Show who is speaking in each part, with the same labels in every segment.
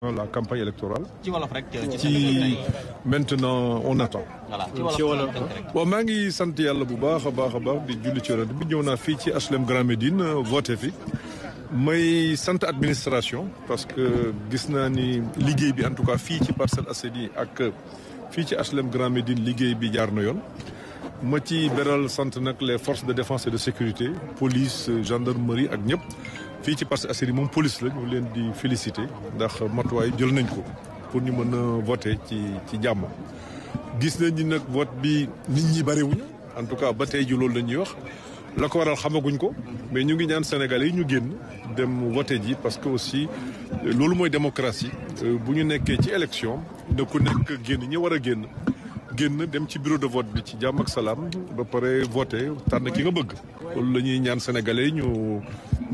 Speaker 1: la campagne électorale. ci wolof rek ci maintenant on attend. bon maa ngi sant yàlla bu baax a baax a baax di julli ci rajo bi ñëw naa fii ci HLM Grand Médine voté fi may sant administration parce que gis naa ni liggéey bi en tout cas fii ci parcelle Assainies ak fii ci HLM Grand Médine liggéey bi jaar na yoon. ma ci beral sant nag les force de défense et de sécurité police gendarmerie ak ñëpp. fii ci parce Parcelles Assainies moom police la ñu leen di félicité ndax matuwaay jël nañ ko pour ñu mën a voter ci ci jàmm. gis nañ ni nag vote bi nit ñi bariwuñu en tout cas ba tey ji loolu la ñuy wax la ko waral xamaguñ ko mais ñu ngi ñaan sénégal yi ñu génn dem voter ji parce que aussi loolu mooy démocratie euh, bu ñu nekkee ci élection da ku nekk génn ñi war a génn. génn dem ci bureau de vote bi ci jàmm ak salaam ba pare voté tànn ki nga bëgg. loolu la ñuy ñaan sénégalais ñu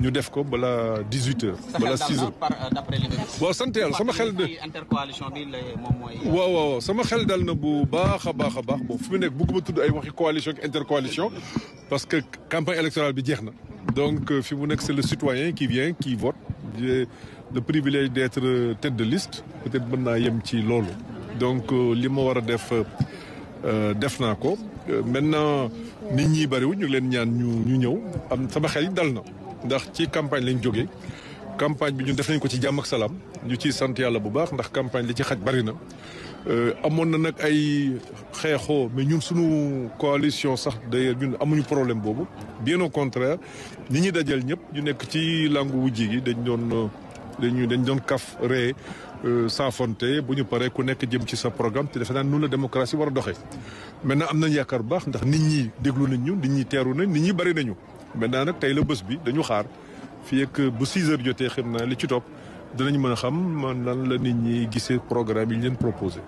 Speaker 1: ñu def ko bala dix huit heures. bala six heures waaw euh, sant yàlla sama xel. de moom mooy. Euh, waaw waaw sama xel dal na bu baax a baax a baax bon fi mu nekk bëgguma tudd ay waxi coalition ak intercoalition parce que campagne électorale bi jeex na. donc euh, fi mu nekk c'est le citoyen qui vient qui vote. j'ai le privilège d'être tête de liste peut-être mën naa yem ci loolu. donc euh, li ma war a def euh, euh, def naa ko maintenant nit ñi bëriwul ñu leen ñaan ñu ñu ñëw am sama xel dal na ndax ci campagne lañ jóge campagne bi ñu def nañ ko ci jàmm ak salaam ñu ciy sant yàlla bu baax ndax campagne li ci xaj bari na. amoon na nag ay xeexoo mais ñu suñu coalition sax d'ailleurs amuñu problème boobu bien au contraire nit ñi dajal ñëpp ñu nekk ci langu wujji gi dañ doon. dañu dañ doon kaf ree euh, saafonte bu ñu paree ku nekk jëm ci sa programme te defe naa noonu la démocratie war a doxee. na am nañu yaakaar bu baax ndax nit ñi déglu nañ ñu nit ñi teeru nañ nit ñi bëri nañu. maintenant nag tey la bés bi dañu xaar fii ak bu 6 heures jotee xam naa li ci topp dinañ mën a xam man lan la nit ñi gisee programme yi ñu leen proposé.